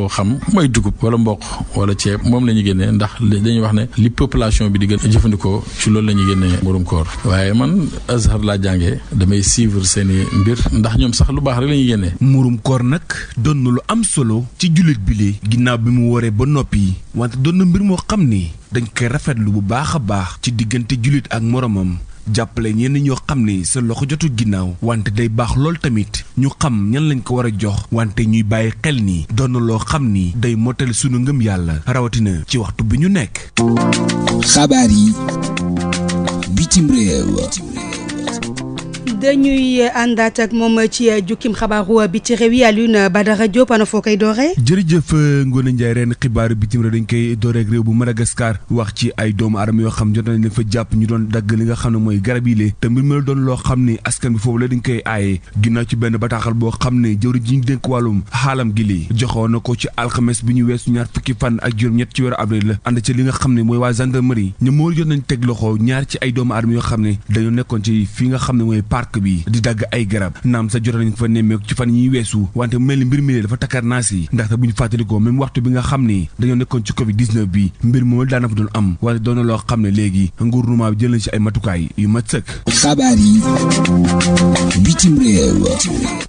xam mooy dugub wala mboq wala ceeb moom la ñu génnee ndax dañuy wax ne li population bi di gën a jëfandikoo ci loolu la ñuy génnee mburum koor waaye man Azhar laa jàngee damay suivre seen mbir ndax ñoom sax lu baax rek la ñuy génnee. mburum koor nag doon na lu am solo ci jullit bi li ginnaaw bi mu waree ba noppi wante doon na mbir moo xam ni dañ koy rafetlu bu baax a baax ci diggante jullit ak moroomam jàppale ñenn ñoo xam ne sa loxo jotul ginnaaw wante day baax loolu tamit ñu xam ñan lañ ko war a jox wante ñuy bàyyi xel ni doon loo xam ni day mottali sunu ngëm yàlla rawatina ci waxtu bi ñu nekk. xabaar yi bitim réew. dañuy àndaat ak moom ci jukkim xabaaru bi ci réew yi Alioune Badara Diop ana foo koy dooree. jërëjëf Ngone Ndiaye ren xibaaru bitim réew dañ koy dooreek réew bu Madagascar wax ci ay doomu aadama yoo xam jot nañ la fa jàpp ñu doon dagg li nga xam ne mooy garab yi lee te mbir mi la doon loo xam ne askan bi foofu la dañ koy aaye ginnaaw ci benn bataaxal boo xam ne jëwriñ ji ñu dénk wàllum xaalam gi lii joxoon na ko ci alxames bi ñu weesu ñaar fukki fan ak juróom-ñett ci weeru avril la ànd ci li nga xam ne mooy waa gendarmerie ñu moo jot nañ teg loxo yoo xam ne dañoo pàkk bi di dagg ay garab naam sa jot nañ fa nemmeeku ci fan yi weesu wante mel ni mbir mi dafa takkar naa si ndaxte bu ñu fàttalikoo même bi nga xam ne dañoo nekkoon ci covid 19 bi mbir moomu daana fa doon am wante doon na loo xam ne léegi gouvernement bi jël na ci ay matukaay yu mat sëkk. xabaar yi bitim réew.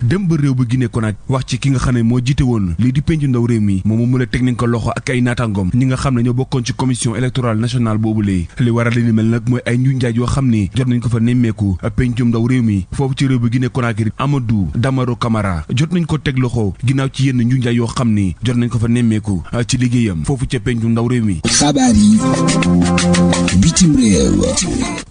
dem ba réew bu Guinée Conakry wax ci ki nga xam ne moo jiite woon lii di pencu ndaw réew mi moom mu la teg nañ ko loxo ak ay naataangoom ñi nga xam ne ñoo bokkoon ci commission électorale nationale boobu lee li waral li ni mel nag mooy ay njuñ njaaj xam ne jot nañ ko fa nemmeeku pencum ndaw réew mi mi foofu ci réew bi Guinée Conakry Amadou Damaro Camara jot nañ ko teg loxo ci yenn nju yoo xam ni jot nañ ko fa nemmeeku ah, ci liggéeyam foofu ca penku ndaw réew mi. xabaar yi bitim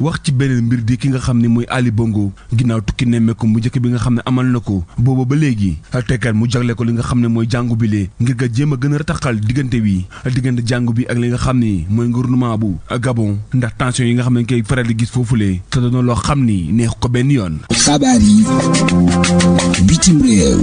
wax ci beneen mbir di ki nga xam ne mooy Ali Bongo ginnaaw tukki nemmeeku mu njëkk bi nga xam ne amal na ko booba ba léegi tekkat mu jagle ko li nga xam ne mooy jàngu bi lee ngir nga jéem a gën a rataxal diggante bi diggante jàngu bi ak li nga xam ni mooy gouvernement bu Gabon ndax tension yi nga xam ne koy faral di gis foofulee te doon loo xam ni neex ko benn yoon yoon xabaar yi bitim réew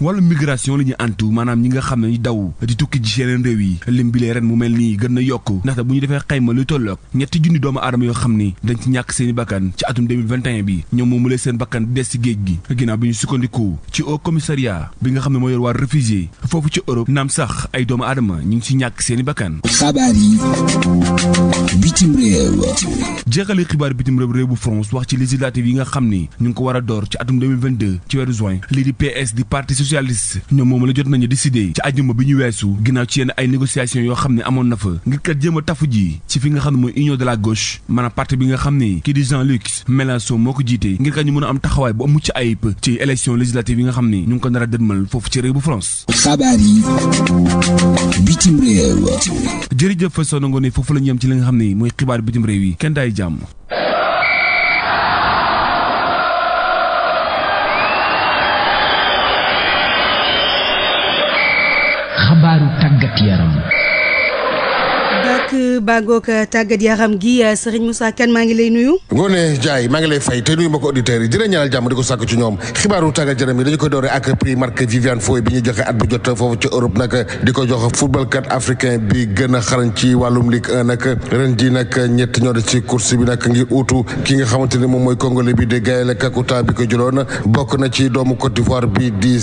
wàllu migration li ñu antu maanaam ñi nga xam ne daw di tukki ji seeneen réew yi lim bi lee ren mu mel nii gën na yokk ndaxte bu ñu defee xayma lu tolloog ñetti junni doomu aadama yoo xam ni dañ ci ñàkk seen i bakkan ci atum 2021 bi ñoom moomu lee seen bakkan des ci géej gi ginnaaw bi ñu sukkandiku ci haut commissariat bi nga xam ne moo yor waa réfugié foofu ci Europe naam sax ay doomu adama ñu ngi ci ñàkk seeni i bakkan xabaar yi bitim réew bu France wax ci xam ni ñu ngi ko war a door ci atum ci weeru juin lii di PS di parti socialiste ñoom moom la jot nañu décidé ci ajuma bi ñu weesu ginnaaw ci yenn ay négociations yoo xam ne amoon na fa ngir kat jéem tafu ji ci fi nga xam ne mooy union de la gauche maanaam parti bi nga xam ni kii di Jean-Luc Mélenchon moo ko jiite ngir kat ñu mën am taxawaay bu mucc ayib ci élection législative yi nga xam ni ñu ngi ko nar a dënmal foofu ci réew bu France. yaram bàggoog euh, tàggat yaram gi euh, Serigne Moussa Kane maa ngi lay nuyu. Ngoné Ndiaye maa ngi lay fay te nuyu mbokki auditeurs yi di ñaanal jàmm di ko sàkk ci ñoom xibaaru tàggat yaram yi dañu ko doore ak prix marque Viviane Foy bi ñu joxe at bu jot foofu ci Europe nag di ko jox football kat africain bi ren jii nag ñett ñoo ci course bi nag ngir uutu ki nga xamante ne moom mooy congolais bi de Gaël Kakuta bi ko jëloon bokk na ci doomu Côte d'Ivoire bi di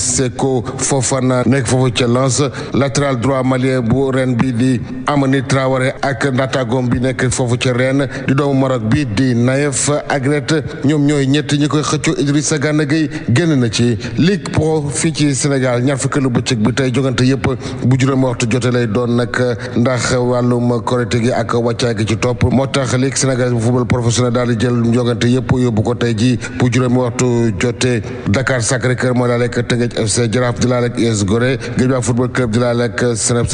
naatagoom bi nekk foofu ci reen di doomu Maroc bi di Nayef Aguerd ñoom ñooy ñett ñi koy xëccoo sa Gana Gueye génn na ci Ligue Pro fii ci Sénégal ñaar fukkeelu bëccëg bi tey jogante yëpp bu juróomi waxtu jotee lay doon nag ndax wàllum korite gi ak wàccaay gi ci topp moo tax Ligue sénégalaise bu football professionnel daal di jël jogante yëpp yóbbu ko tey ji bu juróomi waxtu jotee Dakar Sacré-Cœur moo daal ak Teungueth FC Jaraaf di laal ak US Gorée Guédiawaye football club di laal ak CNEPS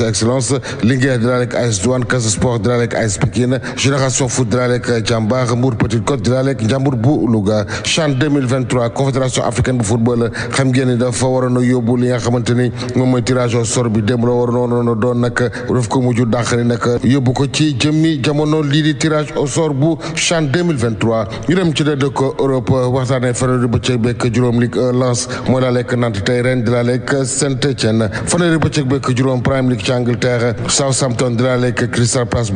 dina lekk AS Pikine Génération Foot dina lekk Jambar Mbour Petite Côte dina lekk Njambur bu Louga CHAN confédération africaine bu football xam ngeen dafa waroon a yóbbu li nga xamante ni mooy tirage au sort bi démb la waroon a doon nag daf ko mujj dàq ni yóbbu ko ci jëmmi jamono lii di tirage au sort bu CHAN 2023 ñu dem ci dëkk Europe waxtaanee fanweeri bëccëg bekk juróom Ligue 1 Lens moo daa lekk Nantes tey ren di laa lekk Saint-Étienne fanweeri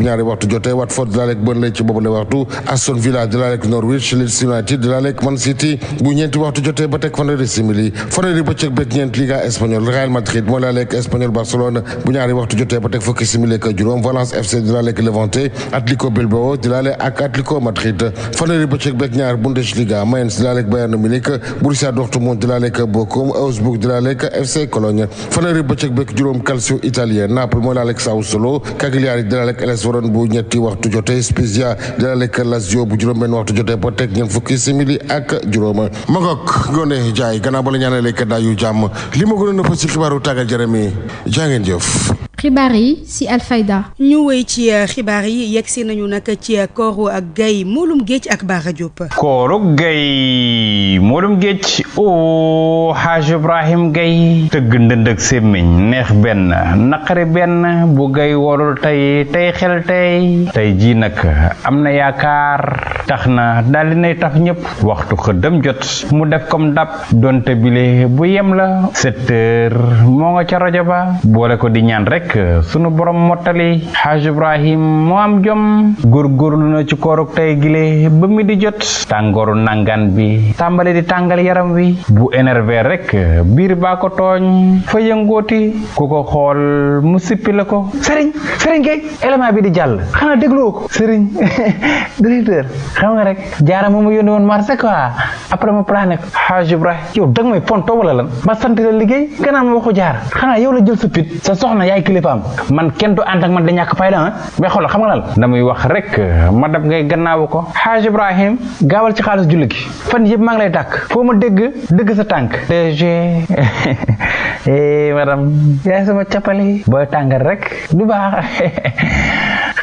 ñaari waxtu jotee Watford di laaleeg Burnley ci boobu la waxtu Aston Villa di laaleeg Norwich Leeds United di laaleeg Man City bu ñeenti waxtu jotee ba teg simili fanweeri bëccëg beeg ñeent Liga espagnol Real Madrid moo laaleeg espagnol Barcelone bu ñaari waxtu jotee ba teg simili ak juróom Valence FC di laaleeg Levante Atlético Bilbao di laaleeg ak Atlético Madrid fanweeri bëccëg beeg ñaar Bundesliga Mainz di laaleeg Bayern Munich Borussia Dortmund di laaleeg Bochum Augsburg di waroon bu ñetti waxtu jotee Spezia dina lekk Lazio bu juróom benn waxtu jotee ba teg ñeent fukki simili ak juróoma magok Ngoné Ndiaye gannaaw ba la ñaanalee kaddaa yu jàmm li ma gënoon a fës ci xibaaru tàggat jërëm yi jaa ngeen jëf xibaar yi ci Alfayda. ñu wéy ci euh, xibaar yi yegsi nañu nag ci euh, kooru ak gay moolum géej ak Bara Diop. kooru gay moolum géej o oh, Haaj Ibrahim Gay tëgg ndënd ak sémmiñ neex benn naqari benn bu gay warul tey tey xel tey tey jii nag am na yaakaar tax na daal nay tax ñëpp waxtu xëddam jot mu def comme dab donte bile bu yem la sept moo nga ca rajo ba boole ko di ñaan rek rek sunu borom mottali xaaj ibrahim moo am jom góorgóorlu na ci kooruk tey gile ba mi di jot tàngoor nangan bi tàmbali di tàngal yaram wi bu énervé rek biir baa ko tooñ fa yëngooti ku ko xool mu sippi la ko sëriñ sëriñ kay élément bi di jàll xanaa dégloo ko sëriñ directeur xam nga rek lan ma sant la liggéey gannaaw ma waxu jaar xanaa yow la jël sa sa soxna yaay kile kilifaam man kenn du ànd ak man da ñàkk fayda ah mais xoolal xam nga lan damay wax rek ma dab ngay gannaawu ko Haaj Ibrahim gaawal ci xaalis julli gi fan yëpp maa lay dakk foo ma dégg dëgg sa tànk dg eh, madame yaay sama cappali booy tàngal rek du baax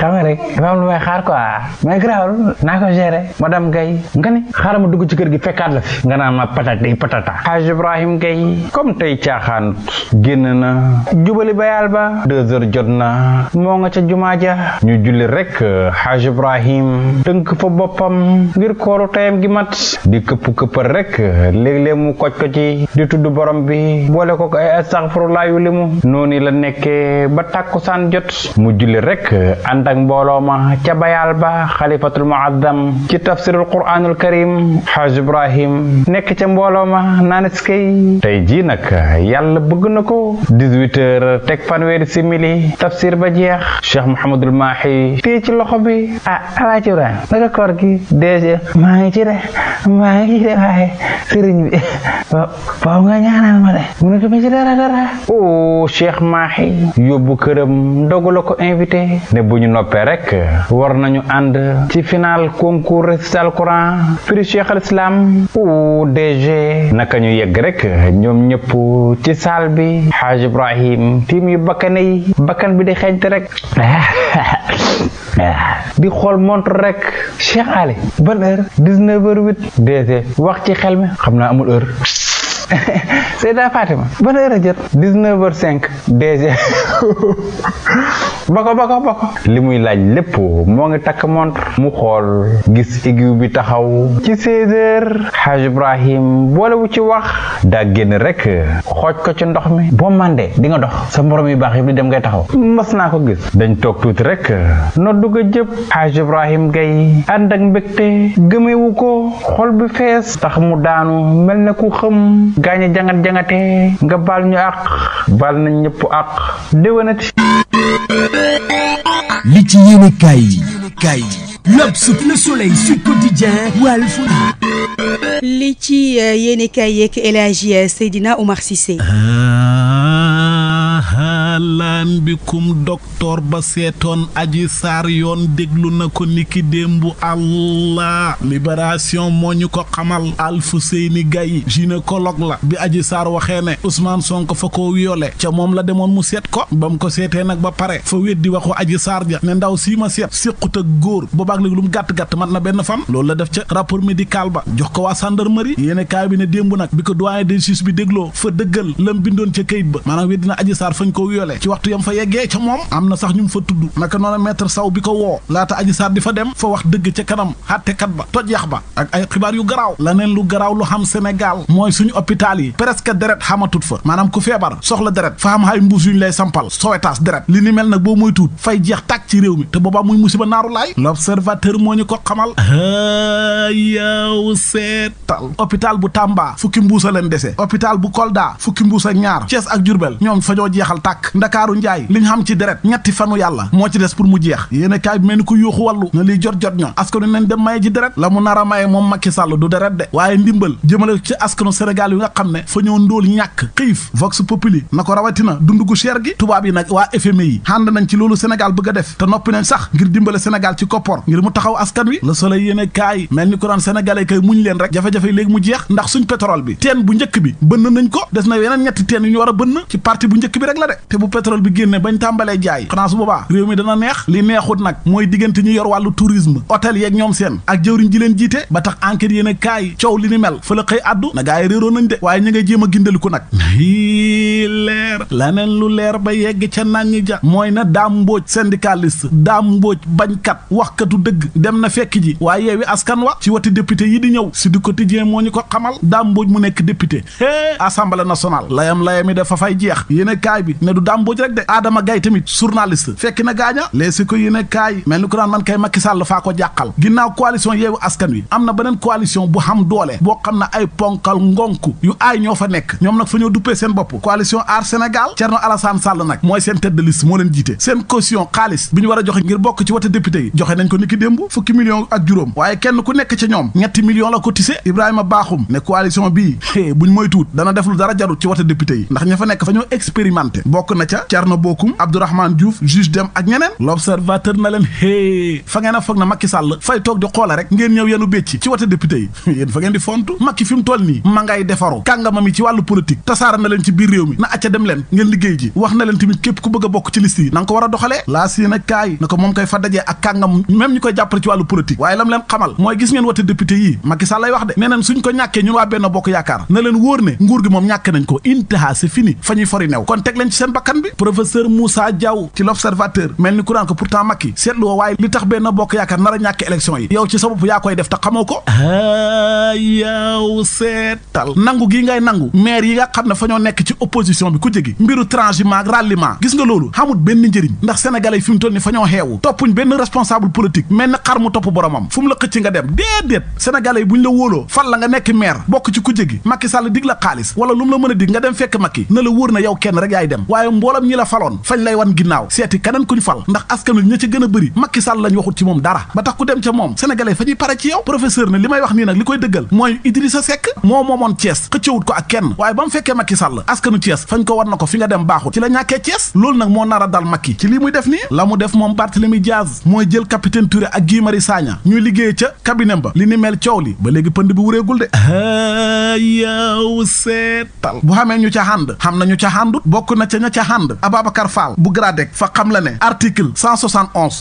xam nga rek dafa am lu may xaar quoi mais garaawul naa ko gérer madame Gaye nga ni xaar ma dugg ci kër gi fekkaat la fi nga naan ma patati eh, patata Haaj Ibrahim Gaye comme tey caaxaan génn na jubali bayal ba deux heures jot na moo nga ca jumaa ja ñu julli rek xaaj ibrahim tënk fa boppam ngir kooru tayam gi mat di këpp-këppal rek léeg-léeg mu koj ko ci di tudd borom bi boole ko ay astaxfirullah yu limu nooni la nekkee ba tàkkusaan jot mu julli rek ànd ak mbooloo ma ca bayaal ba xalifatul muazzam ci tafsirul quraanul karim xaaj ibrahim nekk ca mbooloo ma naan iskay tey jii nag yàlla bëgg na ko 18 heures teg fanweeri simili tafsir ba jeex cheikh Mouhamadul Mahi téye ci loxo bi ah alaaji Ibrahima naka koor gi dèjà maa ngi ci de maa ngi ci de waaye sëriñ bi waaw nga ñaanal ma këram ndogu ko invité ne bu ñu noppee rek war nañu ànd ci final concours récital Coran prix cheikh al islam o DG naka ñu yegg rek ñoom ñëpp ci saal bi xaaj Ibrahim tim yu bakkane robinet yi bakkan bi di xeeñte rek di xool montre rek Cheikh Ali ban heure dix-neuf heures wax ci xel mi xam naa amul heure Seyda Fatima ban heure a jot dix-neuf heures cinq dèjà bako bako bako li muy laaj lépp moo ngi takk montre mu xool gis aiguille bi taxaw ci seize heures xaaj Ibrahim boolewu ci wax daa génn rek xooj ko ci ndox mi boo màndee di nga dox sa morom yu baax yi di dem ngay taxaw mas naa ko gis dañ toog tuuti rek no dugg a jëpp xaaj Ibrahim gay ànd ak mbégte gëmewu ko xol bi fees tax mu daanu mel na ku xëm gaañe jangat jangate nga baal ñu àq baal nañ ñépp àq déwénati li ci yéene kaay yi L'Obs, Le Soleil, Sud Quotidien, Walf. li ci euh, yéen i kaay yeeg El Hadji euh, ahalan bikum docteur ba seetoon aji saar yoon déglu na ko niki démbu allah libération moo ñu ko xamal Alfousseyni Gaye gynécologue la bi aji saar waxee ne Ousmane Sonko fa ko violé ca moom la demoon mu seet ko ba mu ko seetee nag ba pare fa weddi waxu aji saar ja ne ndaw sii ma seet siqut góor boobaak léegi lu mu gàtt-gàtt mat na benn fan loolu la def ca rapport médical ba jox ko waa gendarmerie yéene kaay bi ne démb nag bi ko doyen des juges bi dégloo fa dëggal bindoon ca kayit Sarr fañ ko wiyole ci waxtu yam fa yeggee ca moom am na sax ñu fa tudd naka noonu maître saw bi ko woo laata aji Sarr di fa dem fa wax dëgg ca kanam xàttekat ba toj yax ba ak ay xibaar yu garaaw la neen lu garaaw lu xam Sénégal mooy suñu hôpital yi presque deret xamatut fa maanaam ku feebar soxla deret fa xam xay mbuus yuñ lay sampal sowetaas deret li ni mel nag boo moy tuut fay jeex tàkk ci réew mi te boobaa muy musiba naaru laay l'observateur moo ñu ko xamal yow seetal bu Tamba fukki mbuus a leen dese bu Kolda fukki mbuus ak ñaar Thiès jeexal tàkk ndakaaru njaay liñ xam ci deret ñetti fanu yàlla moo ci des pour mu jeex yéen kaay bi mel ni ku yuuxu wàllu na liy jot jot ñoo askanu nañ dem maye ji deret la mu nar a maye moom Macky Sall du deret de waaye ndimbal jëmale ci askanu Sénégal yi nga xam ne fa ñoo ndóol ñàkk xiif vox populi na ko rawatina dund gu gi tubaab yi nag waa FMI yi ànd nañ ci loolu Sénégal bëgg a def te noppi nañ sax ngir dimbale Sénégal ci koppor a bënn rek la de te bu pétrole bi génne bañ tàmbalee jaay xanaa su boobaa réew mi dana neex li neexut nag mooy diggante ñu yor wàllu tourisme hôtel yeeg ñoom seen ak jëwriñ ji leen jiite ba tax enquête yéen a kaay coow li ni mel fa la xëy addu na gaa yi réeroo de waaye ñi nga jéem a gindaliku nag leer laneen lu leer ba yegg ca nañ ja mooy na daam mbooj syndicaliste daam kat bañkat waxkatu dëgg dem na fekk ji waaye yeewi askan wa ci wati député yi di ñëw si du quotidien moo ñu ko xamal daam nekk député assemblée nationale layam yéenekaay ne du Dame Mbodj de Adama Gaye tamit journaliste na gaaña les si ko yéenekaay mel ni ko naan man kay Macky faa ko jàqal ginnaaw coalition yeewu askan wi am na beneen coalition bu xam doole boo xam ne ay ponkal ngonk yu aay ñoo fa nekk ñoom nag fa ñoo duppee seen bopp coalition Aar Sénégal Thierno Alassane Sall nag mooy seen tête de moo leen jiite seen caution xaalis bi ñu war a joxe ngir bokk ci wote député yi joxe nañ ko niki nante bokk na ca Thierno Bokum Abdourahmane Diouf juge dem ak ñeneen l'observateur na leen hee fa ngeen a foog na Macky Sall fay toog di xoola rek ngeen ñëw yenu bécci ci wote député yi yéen fa ngeen di fontu Macky fi nii ma ngay defaru yi ci wàllu politique tasaara na leen ci biir mi na acca dem leen ngeen liggéey ji wax na leen tamit képp ku bëgg bokk ci liste yi ko war a doxalee laa na ko moom koy fa dajee ak kàngam même ñu teg leen ci seen bakkan bi professeur Moussa Diaw ci l'observateur mel ni kuraan ko pourtant Macky seetlu woo waaye li tax benn bokk yaakaar nar a ñàkk élection yi yow ci sa bopp yaa koy def te xamoo ko a ah, yow seetal nangu gi ngay nangu maire yi fa ñoo nekk ci opposition bi ku jégi mbiru transhumance ralliement gis nga loolu xamut benn njëriñ ndax sénégalais fi mu toll ni fa ñoo xeewu toppuñ benn responsable politique mel ni xar mu topp boromam fu mu la xëcc nga dem déedéet sénégalais yi bu ñu la wooloo fal la nga nekk maire bokk ci ku jégi Macky Sall dig la xaalis wala lu mu la mën a dig nga dem fekk Macky na la wóor na yow kenn rek yaay dem waaye mboolam ñi la faloon fañ lay wan ginnaaw seeti keneen kuñ fal ndax askan ña ci gën a bëri Macky Sall lañ waxut ci moom dara ba tax ku dem ca moom sénégalais fa pare ci yow professeur ne li may wax nii nag li koy dëggal mooy Idrissa Seck moo moomoon Thiès xëccewut ko ak kenn waaye ba mu fekkee Macky Sall askanu Thiès fañ ko war ko fi nga dem baaxut ci la ñàkkee Thiès loolu nag moo nar a dal ci lii muy def nii la mu def moom Barthélemy bokk na ca ña ca ànd Ababacar Fall bu Gradec fa xam la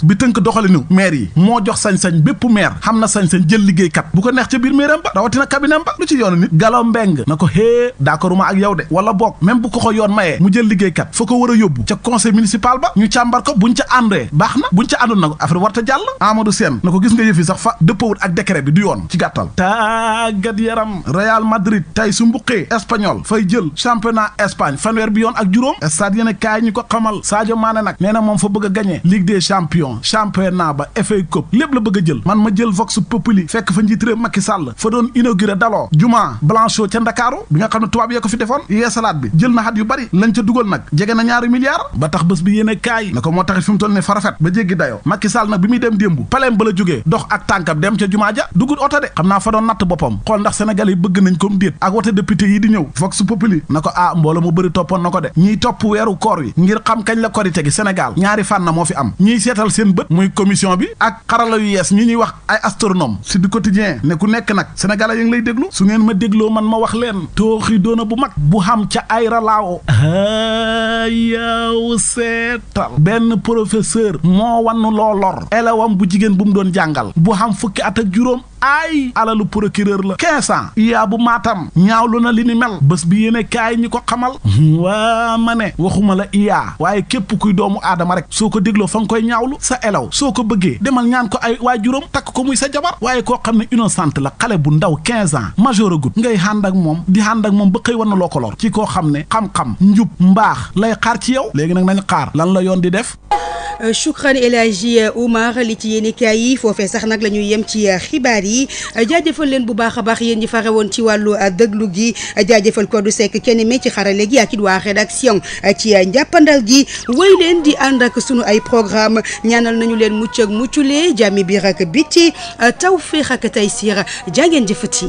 bi tënk doxalinu maire moo jox sañ bépp maire xam na sañ-sañ jël liggéeykat bu ko neex ca biir ba rawatina cabinet ba lu ci yoonu nit Gallo Mbeng na ko xée d'accorduma ak yow de wala bokk même bu ko ko yoon mayee mu jël liggéeykat fa ko war a yóbbu ca conseil municipal ba ñu càmbar ko buñ ca àndee baax na buñ ca àndul na ko affaire jàll Amadou Sène na ko gis nga yëf juróom stade yéen kaay ñu ko xamal Sadio Mané nag nee na moom fa bëgg a gagné Ligue des champions ba FA Cup lépp la bëgg jël man ma jël Vox Populi fekk fa njiit réew Macky fa doon inauguré daloo jumaa Blanchot ca Ndakaaru bi nga xam ne tubaab yee ko fi defoon yeesalaat bi jël na xat yu bari lañ ca dugal nag jege na ñaari milliards ba tax bés bi yéen kaay na ko moo taxit fi ne farafet ba jéggi dayoo Macky Sall nag bi ah, mu ñiy topp weeru koor yi ngir xam kañ la korite gi Sénégal ñaari fànna moo fi am ñuy seetal seen bët muy commission bi ak xarala yu yees ñi ñuy wax ay astronome si du quotidien ne ku nekk nag sénégalais yi lay déglu su ngeen ma dégloo man ma wax leen tooxi doona bu mag bu xam ca ay ralaawo yaw seetal benn professeur moo wannu loo lor elewam bu jigéen bu mu doon jàngal bu xam fukki at ak juróom ay alalu procureur la quinze ans bu maatam ñaawlu na li ni mel bés bi yéene kaay ñi ko xamal hmm, waa ma ne waxuma la iyaa waaye képp kuy doomu aadama rek soo ko dégloo fa koy ñaawlu sa elaw soo ko bëggee demal ñaan ko ay waa waajuram takk ko muy sa jabar waaye koo xam ne innocent la xale bu ndaw quinze ans majeur agut ngay xànd ak moom di xànd ak moom ba xëy war na loo ci koo xam ne xam-xam njub mbaax lay xaar ci yow léegi nag nañ xaar lan la yoon di def shukran El Hadji Oumar li ci yéeni kaay yi foofee sax nag la ñuy yem ci xibaar yi yi jaajëfal leen bu baax a baax yéen ñi farewoon ci wàllu euh, dëglu gi jaajëfal Codou Seck kenn mi ci xarale gi ak it waa rédaction euh, ci euh, njàppandal gi wéy leen di ànd ak sunu ay programme ñaanal nañu leen mucc ak mucculee jàmmi biir ak biti taw féex ak tay siir jëfati